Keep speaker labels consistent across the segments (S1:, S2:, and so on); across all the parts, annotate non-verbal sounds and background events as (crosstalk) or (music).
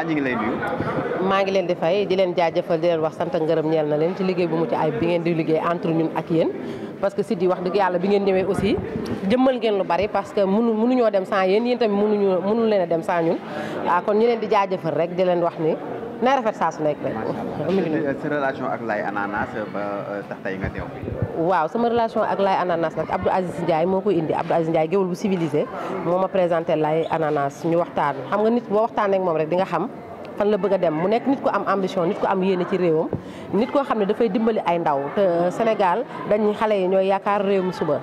S1: Moussa ñu ngi lay nuyu.
S2: maa ngi leen di fay di leen jaajëfal di leen wax sant ngërëm ñeel na leen ci liggéey bu mucc ayib bi ngeen di liggéey entre ñun ak yéen. parce que site yi wax dëgg yàlla bi ngeen ñëwee aussi jëmmal ngeen lu bari parce que munu munuñoo dem sans yéen yéen tamit munuñu mënul leen a dem sans ñun ah, kon ñu leen di jaajëfal rek di leen wax ni. na rafet saa su nekk rek. waaw sama relation ak Laye Ananas nag Abdou Aziz Ndiaye moo koy indi Abdou Aziz Ndiaye géwél bu civilisé moo ma présenté Laye Ananas ñu waxtaan xam nga nit boo waxtaaneek moom rek di nga xam. fan la bëgga dem mu nekk nit ko am ambition nit ko am yéene ci réewam nit koo xam ne dafay dimbali ay ndaw te euh, Sénégal dañuy xale yi ñooy yaakaar réew mu suba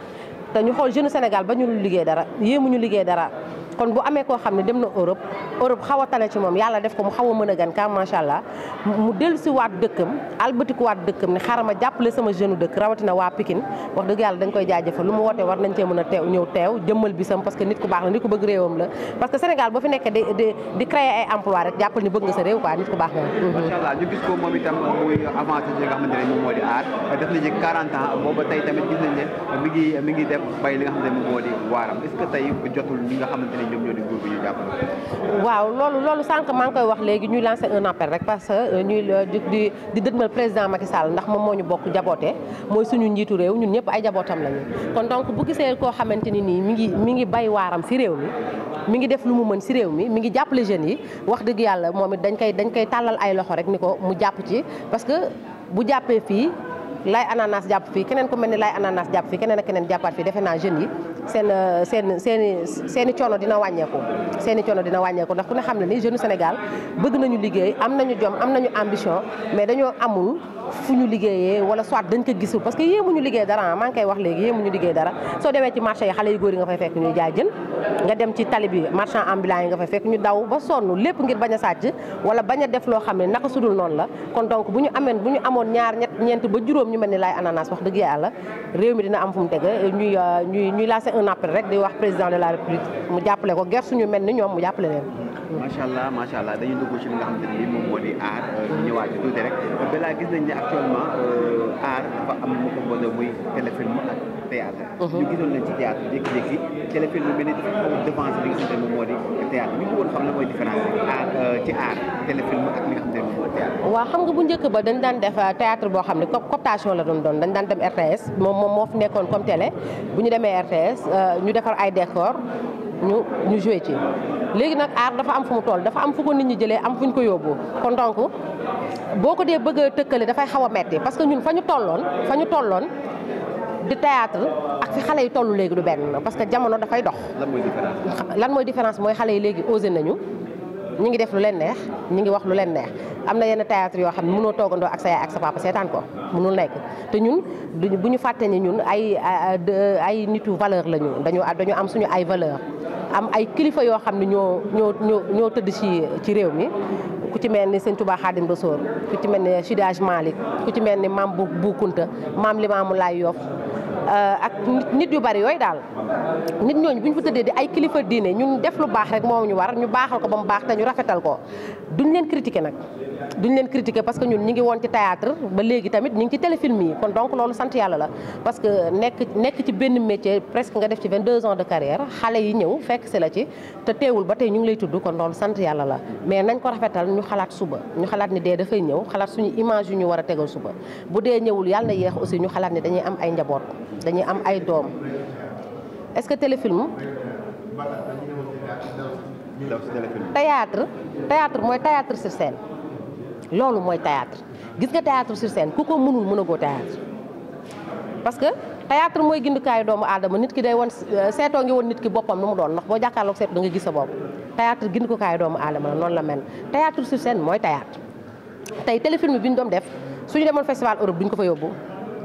S2: te ñu xool jeune Sénégal ba ñu liggéey dara yéemu ñu liggéey dara kon bu amee koo xam ne dem na Europe Europe xaw a tane ci moom yàlla def ko mu xaw a mën a gan ka macha allah mu dellu si waat dëkkam albatiku waat dëkkam ne xaaral ma jàppale sama jeune dëkk rawatina waa Pikine wax dëgg yàlla dañ koy jaajëfal lu mu wootee war nañ cee mën a teew ñëw teew jëmmal bisam parce que nit ku baax la nit ku bëgg réewam la parce que Sénégal boo fi nekkee di di di créer ay emploi rek jàppal ni bëgg nga sa réew quoi nit ku baax mhm.
S1: moo di na ci 40 tamit mi ngi mi ngi def jotul li nga xamante ne
S2: waaw loolu loolu sànq maa ngi koy wax léegi ñuy lancer un appel rek parce que euh, ñuy euh, di di mal président Macky Sall ndax moom moo ñu bokk jaboote mooy suñu njiitu réew ñun ñëpp ay jabootam lañu kon donc bu gisee koo xamante ni nii mi ngi mi ngi bay waaram si réew mi mi ngi def lu mu mën si réew mi mi ngi jàppale jeunes yi wax dëgg yàlla moom it dañ koy dañ koy tàllal ay loxo rek ni ko mu jàpp ci parce que bu jàppee fii lay ananas jàpp fii keneen ku mel ni lay ananas jàpp fii keneen ak keneen jàppaat fii defe naa jeunes yi seen euh, seen seen seen coono dina wàññeeku seen i coono dina wàññeeku ndax ku ne xam ne ni jeune Sénégal bëgg nañu liggéey am nañu jom am nañu ambition mais dañoo amul fu ñu liggéeyee wala soit dañ ko gisul parce que yéemuñu liggéey dara ah, maa ngi koy wax léegi yéemuñu liggéey dara soo demee ci marché yi xale yu góor yi nga fay fekk ñuy jaay jën nga dem fekk ñu daw ba sonn lépp ngir bañ a sàcc wala bañ a def loo xam ne naka sudul noonu la kon donc bu ñu ameen bu ñu ñu mel ni laay ananas wax dëgg yàlla réew mi dina am fu mu teg ñuy ñuy ñuy lancer un appel rek di wax président de la république mu jàppale ko gerte suñu mel ni ñoom mu jàppale leen.
S1: macha allah macha allah dañu dugg ci li nga xam ne nii moom moo di aar. Euh, ñu ñëwaat ci tuuti rek balaa gis nañ ne actuellement euh, aar dafa am lu ko mën a muy téléfilm ak. théâtre ñu gisoon leen ci théâtre jékki-jékki téléfilm bi ne
S2: xam nga bu njëkk ba dañ daan def euh, théâtre boo xam ne cooptation la doon doon dañ daan dem RTS moom moom moo fi nekkoon comme télé bu ñu demee RTS euh, ñu defar ay décor ñu ñu joué ci léegi nag art dafa am fu mu toll dafa am fu ko nit ñi jëlee am fu ñu ko yóbbu kon boo ko dee bëgg tëkkale dafay xaw a metti parce que ñun fa ñu tolloon fa ñu tolloon di théâtre ak fi xale yi toll léegi du benn parce que jamono dafay dox. lan mooy différence mooy xale yi léegi osé nañu ñi ngi def lu leen neex ñi ngi wax lu leen neex am na yenn théâtre yoo xam ne munoo toogandoo ak sa yaay ak sa papa seetaan ko mënul nekk te ñun bu ñu fàtte ni ñun ay ay nitu valeur la ñu dañu dañu am suñu ay valeur am ay kilifa yoo xam ne ñoo ñoo ñoo ñoo tëdd ci ci réew mi ku ci mel ni sëñ Touba Xaadim Rasuul ku ci mel ni Sidage Malick ku ci mel ni maam bu Boukounta maam Limaamu Laay Yoff euh, ak nit yu bari yooyu daal nit ñooñu bu ñu fa tëddee di ay kilifa diine ñun def lu baax rek moo ñu war ñu baaxal ko ba mu baax te ñu rafetal ko duñ leen critiquer nag duñ leen critiquer parce que ñun ñi ngi woon ci théâtre ba léegi tamit ñu ngi ci téléfilm yi kon donc loolu sant yàlla la parce que nekk nekk ci benn métier presque nga def ci 22 ans de carrière xale yi ñëw fekk si la ci te teewul ba tey ñu ngi lay tudd kon loolu sant yàlla la mais nañ ko rafetal ñu xalaat suba ñu xalaat ni dee dafay ñëw xalaat suñu image yu ñu war a tegal suba bu dee ñëwul yàlla na yéex aussi ñu xalaat ni dañuy am ay njaboot dañuy am ay doom est-ce que téléfilm théâtre théâtre mooy théâtre sur scène loolu mooy théâtre gis nga théâtre sur scène ku ko mënul mën a goo théâtre parce que théâtre mooy gindukaayu doomu aadama nit ki day woon euh, seetoo ngi woon nit ki boppam nu mu doon ndax boo jàkkaarloog seet da nga gis sa bopp théâtre gindukaayu doomu aadama la noon la mel théâtre sur scène mooy théâtre tey téléfilm bi ñu doon def suñu demoon festival Europe duñ ko fa yóbbu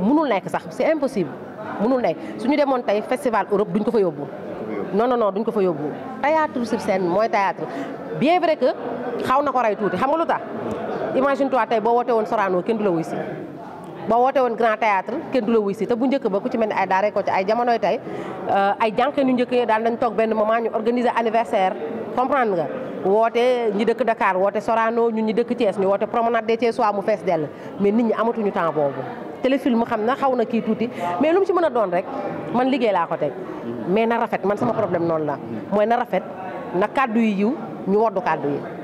S2: mënul nekk sax c'est impossible mënul nekk suñu demoon tey festival Europe duñ ko fa yóbbu non non non ko fa yóbbu théâtre sur scène mooy théâtre bien vrai que xaw na ko rey tuuti xam nga lu tax imagine toi tey boo wootee woon Sorano kenn du la wuy si boo wootee woon Grand Théâtre kenn du la wuy si te bu njëkk ba ku ci mel ne ay daare ko ci ay jamonoy tey euh, ay jànqeen yu njëkk yi daan nañ toog benn moment ñu organiser anniversaire comprendre nga woote ñi dëkk Dakar woote Sorano ñu ñi dëkk Thiès ñu woote promenade des Thiessois mu fees dell mais nit ñi amatuñu temps boobu téléfilm xam na xaw na kii tuuti mais lu mu ci mën a doon rek man liggéey laa ko teg mais na rafet man sama problème noonu la mooy na rafet na kàddu yi yiw ñu woddu kàddu yi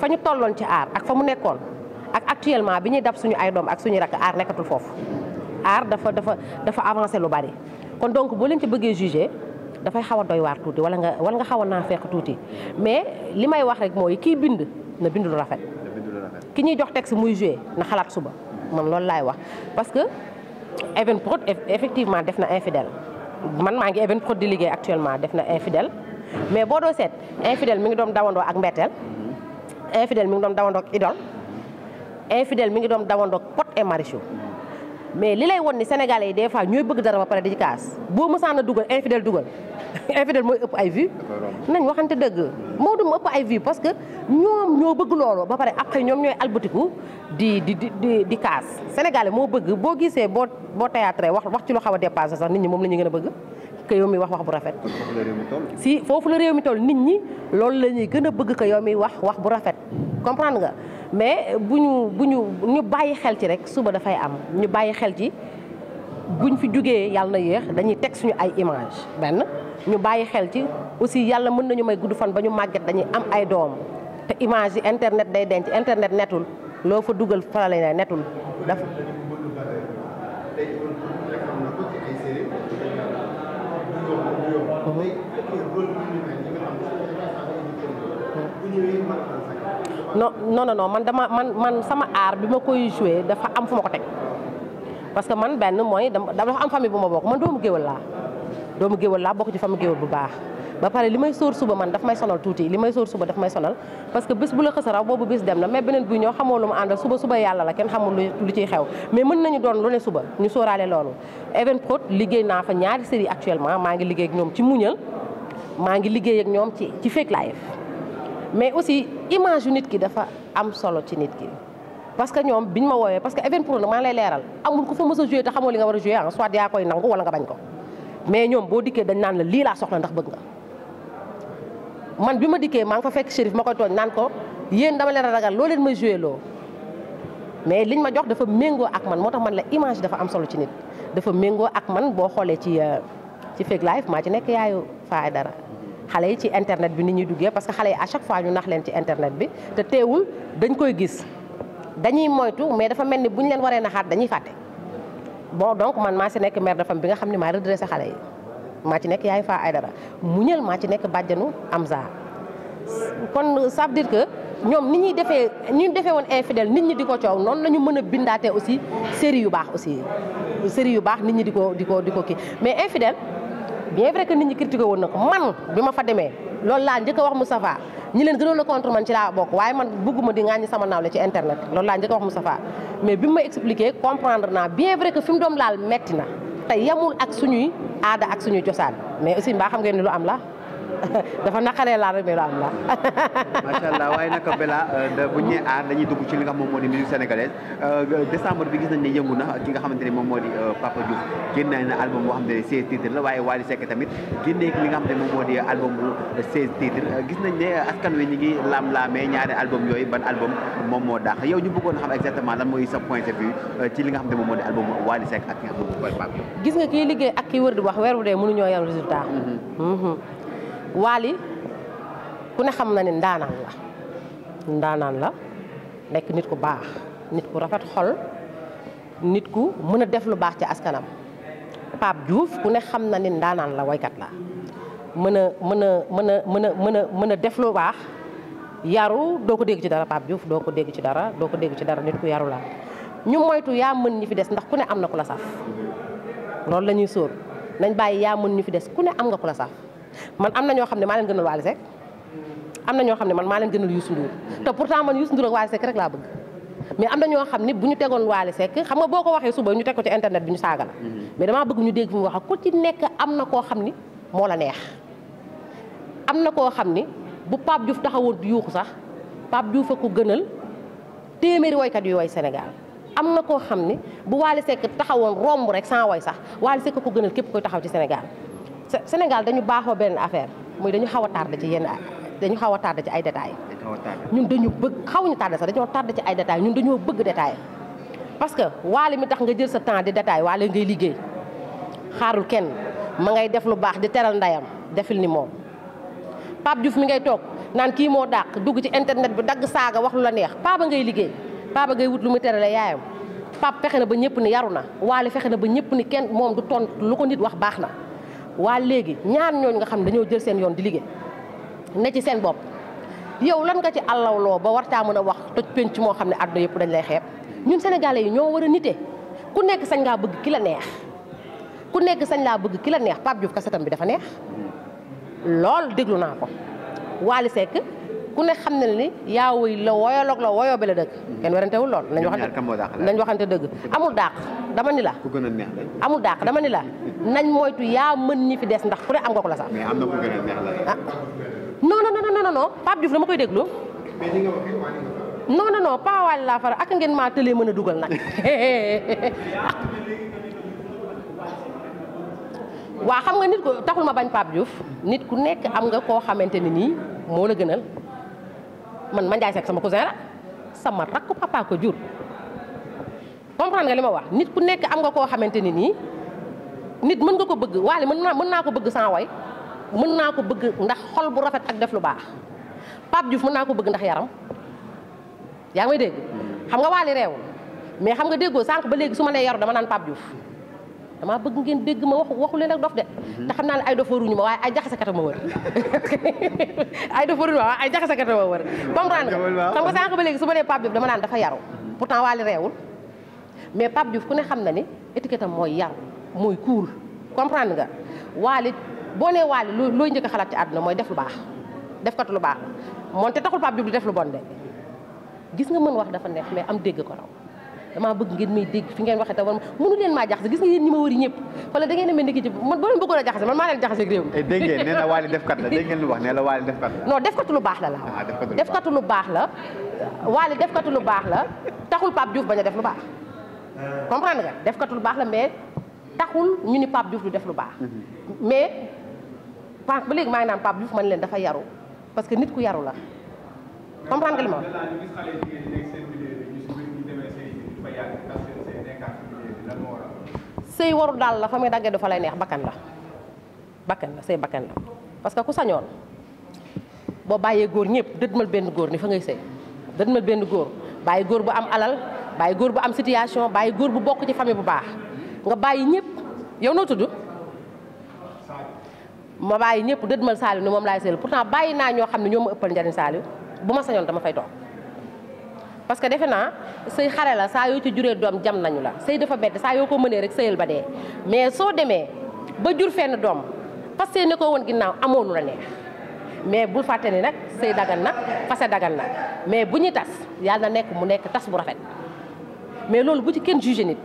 S2: fa ñu tolloon ci aar ak fa mu nekkoon ak actuellement bi ñuy dab suñu ay doom ak suñu rakk aar nekkatul foofu aar dafa dafa dafa avancé lu bari kon donc boo leen ci bëggee jugé dafay xaw a doy waar tuuti wala nga wala nga xaw a naa fekk tuuti mais limay wax rek mooy kii bind na bind lu rafet ki ñuy jox texte muy joué na xalaat suba man loolu laay wax parce que Evenprod effectivement def na infidèle man maa ngi Evenprod di liggéey actuellement def na infidèle mais boo doo seet infidel mi ngi doom dawandoo ak mbetteel infidèle mi ngi doon dawandoog idole infidèle mi ngi doom dawandoog Pod et Marichou mais li lay won ni sénégalais yi des fois ñooy bëgg dara ba pare di kaas boo mësaan a dugal infidèle dugal (laughs) infidèle mooy ëpp ay vie nañ waxante dëgg moo du mu ëpp ay vie parce que ñoom ñoo bëgg loolu ba pare après ñoom ñooy albatiku di di di di kaas sénégalais moo bëgg boo gisee boo boo théâtre wax wax ci lu xaw a dépassé sax nit ñi moom la ñu gën a bëgg que yow mi wax wax bu rafet. si foofu la réew mi toll nit ñi loolu la ñuy gën a bëgg que yow mi wax wax bu rafet comprendre nga mais bu ñu bu ñu ñu bàyyi xel ci rek suba dafay am ñu bàyyi xel ci buñ fi jógee yàlla yéex dañuy teg suñu ay image benn ñu bàyyi xel ci aussi yàlla mën nañu may gudd fan ba ñu màgget dañuy am ay doom te image yi internet day denc internet netul loo fa dugal fa la netul dafa
S1: non
S2: non non man dama man man sama aar bi ma koy joué dafa am fu ma ko teg parce que man benn mooy dama dafa am famille bu ma bokk man doomu géwal laa doomu géwal laa bokk ci famille géwal bu baax ba pare li may sóor suba man daf may sonal tuuti li may sóor suba daf may sonal parce que bés bu la xësaraw boobu bés dem na mais beneen bu ñëw xamoo lu mu àndal suba suba yàlla la kenn xamul lu ciy xew mais mën nañu doon lu ne suba ñu sóoraale loolu Even liggéey naa fa ñaari série actuellement maa ngi liggéey ñoom ci muñal maa ngi liggéey ak ñoom ci ci Fake Life mais aussi image yu nit ki dafa am solo ci nit ki parce que ñoom biñ ma woowee parce que event pro nag maa lay leeral amul ku fa mës a joué te xamoo li nga war a joué ah soit yaa koy nangu nga bañ ko mais ñoom boo dikkee dañ naan la lii laa soxla ndax bëgg nga man bi ma dikkee maa ngi fa fekk shérif ma koy tooñ naan ko yéen dama leen a ragal loo leen ma joué loo mais liñ ma jox dafa méngoo ak man moo tax man la image dafa am solo ci nit dafa méngoo ak man boo xoolee ci euh, ci fake life maa ci nekk yaayu faay dara xale yi ci internet bi ni ñuy duggee parce que xale yi à chaque fois ñu nax leen ci internet bi te teewul dañ koy gis dañuy moytu mais dafa mel ni bu ñu leen waree naxaat dañuy fàtte bon donc man maa si nekk mère de famille bi nga xam ne maa redressé xale yi maa ci nekk yaay faa ay dara muñal maa ci nekk bàjjanu am Amza kon ça veut dire que ñoom ni ñuy defee ni defee woon infidèle nit ñi di ko coow noonu la ñu mën a bindaatee aussi série yu baax aussi série yu baax nit ñi di ko di ko di ko kii mais infidèle bien vrai que nit ñi critiqué woon na ko man bi ma fa demee loolu laa njëkk a wax Moustapha ñi leen gënoon a contre man ci laa bokk waaye man bëgguma di ŋàññi sama naaw la ci internet loolu njëkk a wax Moustapha mais bi ma expliqué comprendre naa bien vrai que fi mu doon laal metti na te yemul ak suñuy aada ak suñuy cosaan mais aussi mbaa xam ngeen ne lu am la dafa naqaree laa rek mais lu am la.
S1: macha allah waaye nag Bella euh, bu ñu nee aar dañuy dugg ci li nga xam moom moo di musique sénégalaise euh, décembre bi gis nañ ne yëngu ki nga xamante ne moom moo di album bu 16 euh, titres gis nañ ne askan wi ñu ngi laam-laamee ñaari album yooyu ban album moom moo dàq yow ñu bëggoon xam exactement lan mooy sa point de vue ci li nga xamante ne moom moo di album Wally Seck ak nga xam ne moom moo di Papa Diouf.
S2: gis nga kii liggéey Wally ku ne xam na ni ndaanaan la ndaanaan la nekk nit ku baax nit ku rafet xol nit ku mën a def lu baax ci askanam Pape juuf ku ne xam na ni ndaanaan la woykat la mën a mën a mën a mën a mën a mën a def lu baax yaru doo ko dégg ci dara Pape juuf doo ko dégg ci dara doo ko dégg ci dara nit ku yaru la ñu moytu yaa mën ñi fi des ndax ku ne am na ku la saf loolu lañuy ñuy sóor nañ bàyyi yaa mën ñu fi des ku ne am nga ku la saf man am na ñoo xam ne maa leen gënal Wally Seck am na ñoo xam ne man maa leen gënal Youssou Ndour te pourtant man Youssou Ndour ak Wally rek laa bëgg mais am na ñoo xam ne bu ñu tegoon Wally Seck xam nga boo ko waxee suba ñu teg ko ci internet bi ñu saaga la mm-hmm. mais damaa bëgg ñu dégg fi mu wax ak ku ci nekk am na koo xam ni moo la neex am na koo xam ni bu paab Diouf taxawoon di yuuxu sax Pape Diouf a ko gënal téeméeri woykat yu woy Sénégal am na koo xam ni bu Wally Seck taxawoon romb rek sans woy sax Wally Seck ko gënal képp koy taxaw ci Sénégal Sénégal dañu baaxoo benn affaire muy dañu xaw a tardé ci yenn dañu xaw a tardé ci ay détails ñun dañu bëgg xawuñu tardé sax dañoo tardé ci ay détails ñun dañoo bëgg détail parce que waale mi tax nga jël sa temps di détail waale ngay liggéey xaarul kenn ma ngay def lu baax di teral ndayam defil ni moom Pape Diouf mi ngay toog naan kii moo dàq dugg ci internet bi dagg saaga wax lu la neex Pape ngay liggéey Pape ngay wut lu mu terale yaayam Pape fexe na ba ñëpp ni yaru na waale fexe na ba ñëpp ni kenn moom du tontu lu ko nit wax baax na waa léegi ñaar ñooñu nga xam ne dañoo jël seen yoon di liggéey ne ci seen bopp yow lan nga ci loo ba wartaa mën a wax toj pénc moo xam ne àdduna yëpp dañ lay xeeb ñun sénégalais yi ñoo war a nite ku nekk sañ ngaa bëgg ki la neex ku nekk sañ laa bëgg ki la neex Pape Diouf kasetam bi dafa neex lool déglu naa ko Wally Seck ku nekk xam na ni yaa wuy la woyoloog la woyoo bi la dëkk kenn werantewul lool nañ waxante dëgg amul dàq dama ni la amul dàq dama ni la nañ moytu yaa mën ñi fi des ndax ku am nga sax ah non non non non non Pape Diouf dama koy déglu non non mën a dugal nag (laughs) xam nga nit ko taxul ma bañ Pape Diouf nit ku nekk am nga koo xamante ni nii moo la gënal man Mandiaye Seck sama cousin la sama rakku papa ko jur comprendre nga li ma wax nit ku nekk am nga koo xamante ni nii nit mën nga ko bëgg waale mën naa mën naa ko bëgg sans woy mën naa ko bëgg ndax xol bu rafet ak def lu baax Pape Diouf mën naa ko bëgg ndax yaram yaa ngi may dégg hmm. xam nga waali réewul mais xam nga déggoo sànq ba léegi su ma lay yaru dama naan Pape Diouf damaa bëgg ngeen dégg ma wax waxu leen ak dof de mhm. te xam naa ne ay dof waruñu ma waaye ay jaxasakata ma wër (laughs) ay dof waruñu ma waaye ay jaxasakata ma wër comprendre nga xam nga sànq ba léegi su ma nee Pape Diouf dama naan dafa yaru pourtant waali reewul mais Pape Diouf ku ne xam na ni étiquette am mooy yaru mooy cool comprendre nga waali boo nee waali looy njëkk xalaat ci àdduna mooy def lu baax def kat lu baax moonte taxul Pape Diouf di def lu bon de nga mën wax dafa neex mais am dégg ko raw damaa bëgg ngeen may dégg fi ngeen waxee te man mënu leen maa jaxase gis nga yéen ñi ma wëri ñëpp wala ni ki ci man boo leen a jaxase man maa leen jaxase réew mi eh, dégg ngeen nee na waali defkat la dégg ngeen lu wax
S1: nee la waali defkat la non
S2: defkatu lu baax la la ah, def lu lu baax la taxul Pape Diouf bañ a def lu baax comprendre nga defkatu lu baax la mais taxul ñu ni Pape Diouf lu def lu baax mhm. mais parce ba léegi maa ngi naan Pape Diouf man leen dafa yaru parce que nit ku yaru la comprendre nga li ma sëy waru daal la fa muy daggee du fa lay neex bakkan la bakkan la sëy bakkan la parce que ku sañoon boo bàyyee góor ñëpp mal benn góor ni fa ngay sëy dëdmal benn góor bàyyi góor bu am alal bàyyi góor bu am situation bàyyi góor bu bokk ci famille bu baax nga bàyyi ñëpp yow noo tudd ma bàyyi ñëpp dëdmal Saliou ni moom laay sëyal pourtant bàyyi naa ñoo xam ne ñoo ma ëppal njariñ Saliou bu ma sañoon dama fay toog parce que defe naa sëy xare la saa yoo ci juree doom jam nañu la sëy dafa bett saa yoo ko mënee rek sëyal ba dee mais soo demee ba jur fenn doom parce que ne ko woon ginnaaw amoonu la neex mais bul fàtte ni nag sëy dagan na fase dagan na mais bu ñuy tas yàlla nekk mu nekk tas bu rafet mais loolu bu ci kenn jugé nit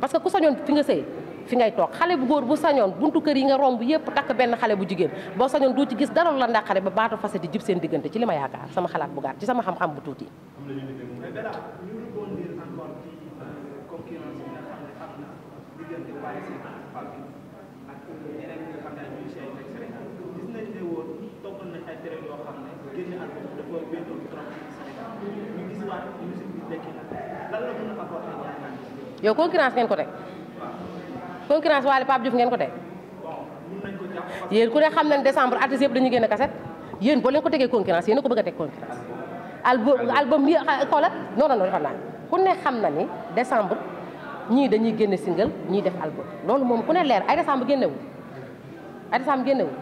S2: parce que ku sañoon fi nga sëy fi ngay toog xale bu góor bu sañoon buntu kër yi nga romb yëpp takk benn xale bu jigéen boo sañoon doo ci gis dara la ndaxale ba baatu fase di jib seen diggante ci li ma yaakaar sama xalaat bu gàtt sama bu tuuti. yow concurrence ngeen ko teg concurrence waale Pape Diouf ngeen ko teg yéen ku ne xam nañ decembre artistes yëpp dañuy génn cassette yéen boo leen ko tegee concurrence yéen a ko bëgg a teg concurrence album album yi ah, xoolal non non non xam naa ku ne xam na ni décembre ñii dañuy génne single ñii def album loolu moom ku ne leer ay décembre génnewul ay décembre génnewul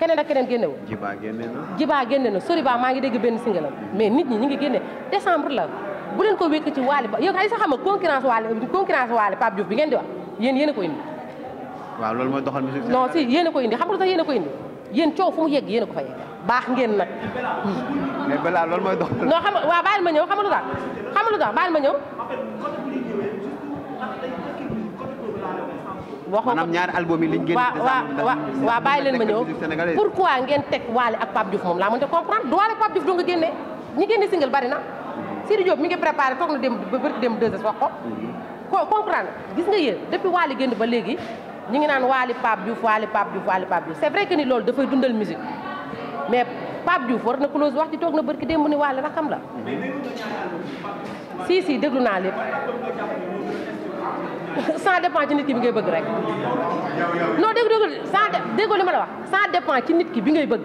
S2: keneen ak keneen génnewul
S1: jibaa génne na
S2: jibaa génne na sori baa maa ngi dégg benn single mais nit ñi ñi ngi génne décembre la bu leen ko wékk ci waali ba yow ay sa ngeen di wax yéen yéen ko indi.
S1: waaw loolu mooy doxal musique non si
S2: yéen ko indi xam nga lu ko indi yéen coow fu mu yegg yéen a ko fa yegg baax ngeen nag.
S1: mais loolu mooy doxal. non
S2: nga waaw bàyyil ma ñëw xam nga lu tax xam nga lu tax bàyyil ma ñëw.
S1: waxoo ko maanaam ñaari album yi liñ génn. waaw waaw waaw bàyyi leen ma ñëw
S2: pourquoi ngeen teg Waly ak Pape Diouf moom laa mënta comprendre du ak Pape Diouf doo nga génne ñi génne single bari na. Sidi Diop mi ngi préparé toog na dem ba bëri dem deux ko. Mhm. comprendre gis nga yéen depuis Wally génn ba léegi ñu ngi naan Wally Pape Diouf Wally Pape Diouf Wally Pape Diouf c'est vrai que ni loolu dafay dundal musique mais Pape Diouf war na close wax i toog na bërki démb ni Wally rakam la si si déglu naa lépp (laughs) ça dépend ci nit ki bi ngay bëgg rek non dégg dégg sans ma la wax ça ci nit bi ngay bëgg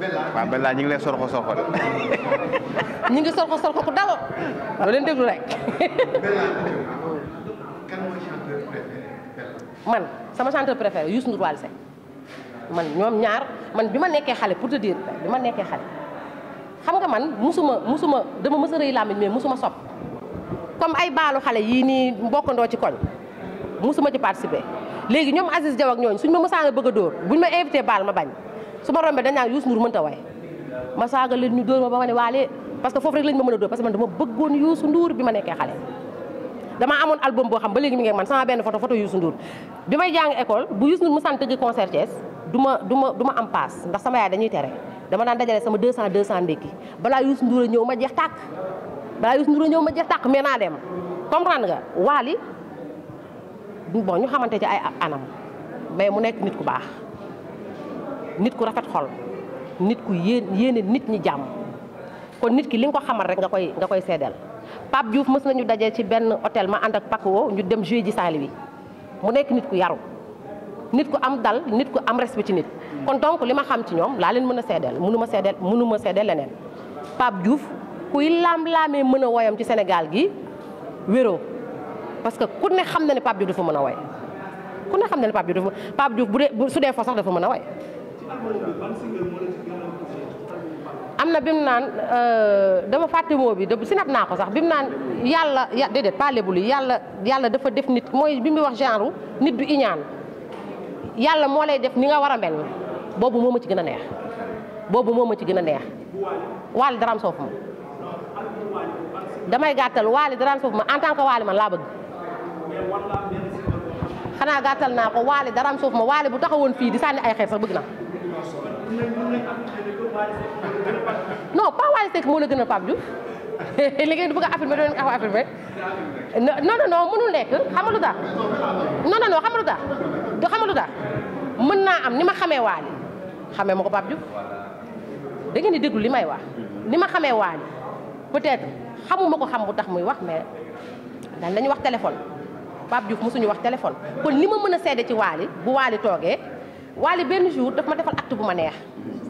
S1: waaw Bella ñu ngi soro sorxo sorxo de.
S2: (laughs) ñu ngi sorxo sorxo ku daloo. doo leen déglu rek. man sama chanteur préféré Youssou Ndour Wally Seck man ñoom ñaar man bi ma nekkee xale pour te dire bi ma nekkee xale xam nga man musuma musuma dama mës a rëy làmmiñ mais musuma sopp comme ay baalu xale yii nii mbokkandoo ci koñ musuma ci participer léegi ñoom Aziz Diaw ak ñooñu suñ ma mësaan a bëgg a dóor buñ ma invité baal ma bañ su ma rombee dañ naan Youssou Ndour mënta way ma saaga leen ñu dóor ma ba ma ne waalee parce que foofu rek lañ ma mën a dóor parce que man dama bëggoon Youssou Ndour bi ma nekkee xale dama amoon album boo xam ba léegi mi ngi man sama benn photo photo Youssou Ndour bi may jàng école bu Youssou Ndour mu sant tëgg concert Thiès du ma du ma du am paas ndax sama yaay dañuy tere dama daan dajale sama 200 200 ndékki balaa Youssou Ndour a ñëw ma jeex tàkk balaa Youssou Ndour a ñëw ma jeex tàkk mais naa dem comprendre nga waali bon ñu xamante ci ay anam mais mu nekk nit ku baax nit ku rafet xol nit ku yéen yéene nit ñi jàmm kon nit ki li nga ko xamal rek nga koy nga koy seedeel Pape Diouf mës nañu daje ci benn hôtel ma ànd ñu dem jouer ji Saali mu nekk nit ku yaru nit ku am dal nit ku am nit kon donc li ma xam ci ñoom laa leen mën a seedeel mënu ma seedeel mënu ma leneen Pape Diouf kuy laam-laamee mën woyam ci Sénégal gi wéroo parce que ku ne xam na ne Pape Diouf dafa mën a woy ku ne xam na ne Pape Diouf bu dee su dee fo sax dafa mën a woy am na bi mu naan euh, dama fàtte moo bi de sinap naa ko sax bi mu naan yàlla ya déedéet pas lébulu yàlla yàlla dafa def nit mooy bi mu wax genre nit du iñaan yàlla moo lay def ni nga war a mel boobu moo ma ci gën a neex boobu moo ma ci gën a neex waali daraam soofu ma damay gàttal waali daraam soofu ma en tant que waali ma laa bëgg xanaa gàttal naa ko waali daraam soofu ma waali bu taxawoon fii di sànni ay xeer sax bëgg na non pas Wally Seck moo la gën a Pape (laughs) doo leen ko affirmer nekk xam nga lu tax du xam mën naa am ni ma xamee Wally xamee ma ko Pape Diouf da ngeen di déglu li may wax ni ma xamee Wally peut-être xamuma ko xam bu tax muy wax mais daan lañu wax téléphone Pape Diouf mosuñu wax téléphone kon li ma mën a seede ci Wally bu Wally toogee Wally benn jour daf ma defal acte bu ma neex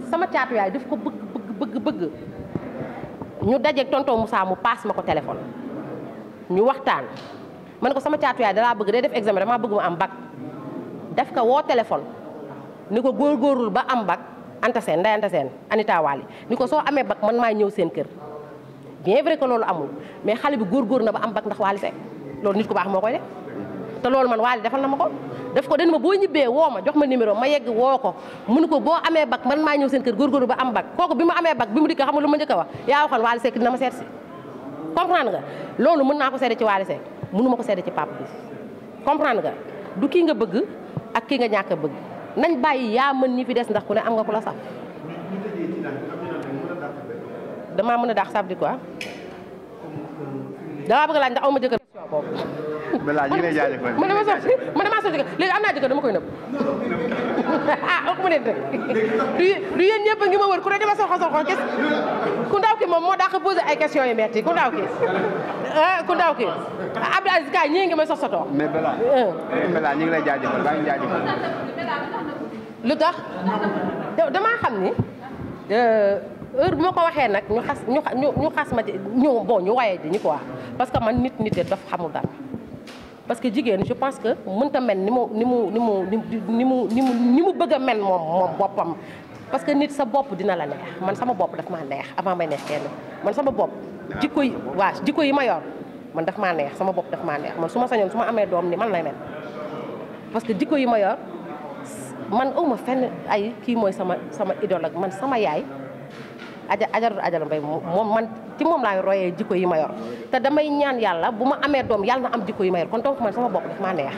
S2: sama caatu yaay daf ko bëgg bëgg bëgg ñu dajeeg tonton Moussa mu paas ma ko téléphone ñu waxtaan ma ne ko sama caatu yaay dalaa bëgg day def examen maa bëgg mu am bac daf ko woo téléphone ni ko góorgóorul ba am bac Anta Sène Ndeye Anita Wally ni ko soo amee bac man maa ñëw seen kër bien vrai ko loolu amul mais xale bi góorgóor na ba am bac ndax Wally Seck loolu nit ko baax moo koy def te loolu man Wally defal na ma ko daf ko den ma boo ñibbee woo ma jox ma numéro ma yegg woo ko munu ko boo amee bac man maa ñëw seen kër góorgóorlu ba am bag kooku bi mu amee bac bi mu dikk xam lu ma njëkk a wax yaa waxoon Waly Seck dina ma seet si nga loolu mën naa ko seede ci Waly Seck mënu ma ko seede ci Pape Diouf comprendre nga du kii nga bëgg ak kii nga ñàkk a bëgg nañ bàyyi yaa mën ñi fi des ndax ku ne am nga ku la saf damaa mën a daax saf di quoi damaa bëgg laaj ndax aw ma jëkkër boobu
S1: balaa ñu ngi lay jaajëfal man dama
S2: sax man dama ma ne dama soxla soxla moom moo dàq posé ay question yu metti ku ndaw ki ah ku ndaw ki Abdou Aziz Ka ah.
S1: ngi lay jaajëfal baa ngi jaajëfal
S2: lu tax damaa xam ni euh, heure bu ma ko waxee nag ñu xas ñu ñu xas ma ci ñu bon ñu waaye di ñu quoi parce que man nit nit de daf xamul dara parce que jigéen je pense que mënta mel ni mu ni mu ni mu ni mu ni mu ni mu bëgg a mel moom moom boppam parce que nit sa bopp dina la neex man sama bopp daf ma neex avant may neex kenn man sama bopp jikko yi waaw jikko yi ma yor man daf maa neex sama bopp daf maa neex man su ma sañoon su ma amee doom ni man lay mel parce que jikko yi ma yor man awma fenn ay kii mooy sama sama idole man sama yaay aja ajarul ajal mbay moom man ci moom laay royee jikko yi ma yor te damay ñaan yàlla bu ma amee doom yàlla na am jikko yi ma yor kon donc man sama bopp daf maa neex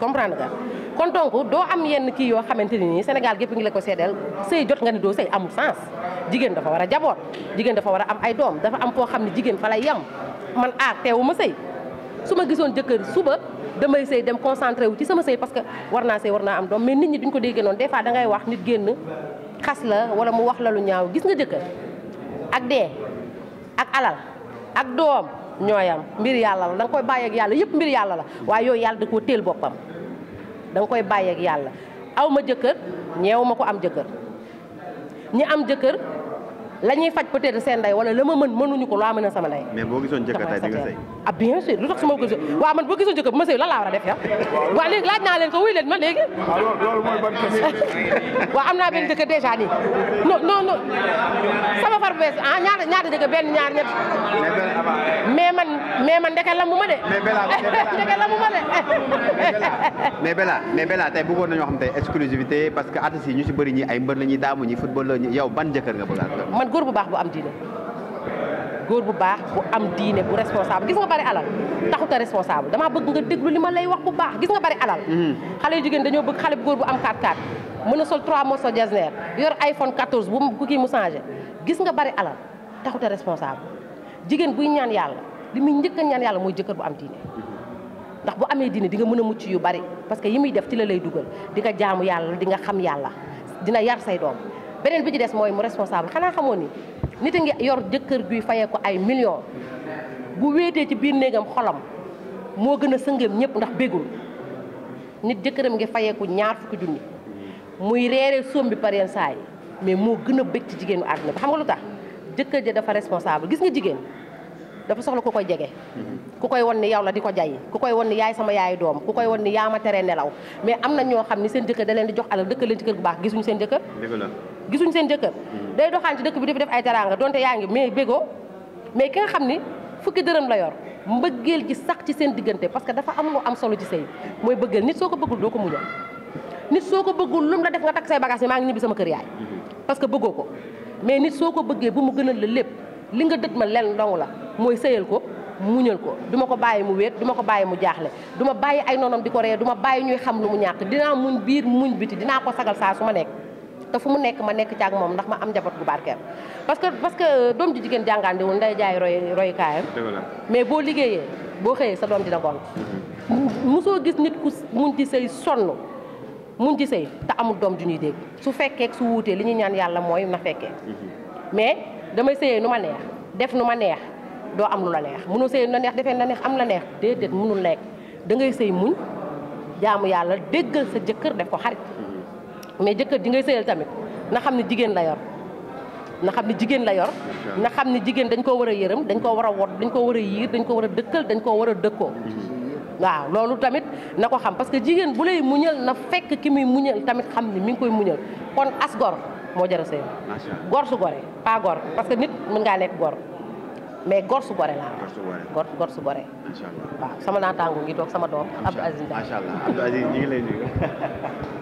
S2: comprendre nga kon donc doo am yenn kii yoo xamante ni nii Sénégal gépp ngi la ko seedeel sëy jot nga ne doo sëy amul sens jigéen dafa war a jaboot jigéen dafa war a am ay doom dafa am koo xam ne jigéen fa la yem man aar ah, teewu ma sëy su ma gisoon jëkkër suba damay sëy dem concentré wu ci sama sëy parce que war naa sëy war naa am doom mais nit ñi duñ ko déggee noonu des wax nit génn xas la wala mu wax la lu ñaaw gis nga jëkkër ak dee ak alal ak doom ñooyam mbir yàlla la da nga koy bàyyi yàlla yëpp mbir yàlla la waaye yooyu yàlla da koo téel boppam da koy bàyyeek yàlla aw ma jëkkër ñeew ma ko am jëkkër ñi am jëkkër lañuy ñuy faj peut-être seen ndey wala la mën mënuñu ko laa mën a sama ndey.
S1: mais boo gisoon jëkkër tey di nga sëy.
S2: ah bien sûr lu tax su ma ko gisoon waaw man boo gisoon jëkkër bu ma sëy lan laa a def ya waaw léegi laaj naa leen ko wuy leen ma léegi. waaw am naa benn jëkkër déjà nii non non sama far bees ah ñaata ñaata benn ñaar ñett. mais man mais man ndeke ma de. mais Bella (laughs) ndeke lamu ma de.
S1: mais Bella mais Bella tey xam tey exclusivité parce que artistes yi ñu si bëri ñi ay mbër la ñuy daamu ñi football la ban jëkkër nga
S2: góor bu baax bu am diine góor bu baax am diine bu responsable gis nga bari alal taxuta responsable damaa bëgg nga déglu li ma lay wax bu baax gis nga bari alal mm-hmm. xale yu jigéen dañoo bëgg xale bu góor bu am 4x4 mën a sol 3 morceaux jasner yor iPhone 14 bu ku kii mu changé gis nga bari alal taxuta responsable jigéen buy ñaan yàlla li muy njëkk ñaan yàlla mooy jëkkër bu am diine ndax bu amee diine di nga mën a mucc yu bari parce que yi muy def ci la lay dugal di nga jaamu yàlla di nga xam yàlla dina yar say doom beneen bi ci des mooy mu responsable xanaa xamoon ni nit a ngi yor jëkkër juy fayee ko ay million bu wéetee ci biir néegam xolam moo gën a sëngam ñëpp ndax bégul nit jëkkëram ngi fayee ñaar fukki junni muy reeree soom bi par saa yi mais moo gën a bëgg ci jigéenu àdduna bi xam nga lu tax jëkkër ja dafa responsable gis nga jigéen dafa soxla ku koy jege. ku koy won ni yow la di ko jaay ku koy won ni yaay sama yaay doom ku koy won ni yaa ma tere nelaw mais am na ñoo xam ni seen jëkkër da leen di jox alal dëkk leen kër gu baax gisuñu seen gisuñ seen jëkkër mm-hmm. day doxaan ci dëkk bi fi def ay teraanga donte yaa ngi mais bégoo mais ki xam ni fukki dërëm la yor mbëggeel ji sax ci seen diggante parce que dafa am lu am solo ci sëy mooy bëggeel nit soo ko bëggul doo ko muñal nit soo ko bëggul lu mu def nga takk say bagage maa ñibbi sama kër yaay mm-hmm. parce que bëggoo ko mais nit soo ko bëggee bu mu gënal la lépp li nga dët ma leen dong la mooy sëyal ko muñal ko duma ko bàyyi mu wéet duma ko bàyyi mu jaaxle duma bàyyi ay noonam di ko ree duma bàyyi ñuy xam lu mu ñàkk dinaa muñ biir muñ biti dinaa ko sagal saa su ma nekk te fu mu nekk ma nekk ci ak moom ndax ma am njaboot gu barkeel parce que parce que euh, doom ji jigéen jàngaandiwul nday jaay roy roy kaayam mais boo liggéeyee boo xëyee sa doom dina gont mm-hmm. mosoo gis nit ku mun ci sëy sonn mun ci sëy te amul doom ju ñuy dégg su fekkee su wuutee li ñuy ñaan yàlla mooy na fekkee mm-hmm. mais damay sëyee nu ma neex def nu ma neex doo am lu la neex munu sëy nu la neex defee na neex am la neex déedéet mënul nekk da ngay sëy muñ jaamu yàlla déggal sa jëkkër def ko xarit mais jëkkër ji ngay sëyal tamit na xam ne jigéen la yor na xam ne jigéen la yor na xam ne jigéen dañ koo war a yërëm dañ koo war a wod dañ koo war a yiir dañ koo war a dëkkal dañ koo war a dëkkoo waaw loolu tamit na ko xam parce que jigéen bu lay muñal na fekk ki muy muñal tamit xam ni mi ngi koy muñal kon as gor moo jar a su gore pas parce que nit mën ngaa lekk gor mais gor su gore laa gor su gore waaw sama naataango ngi toog sama doom Abdou Aziz Ndiaye macha
S1: lay nuyu (laughs)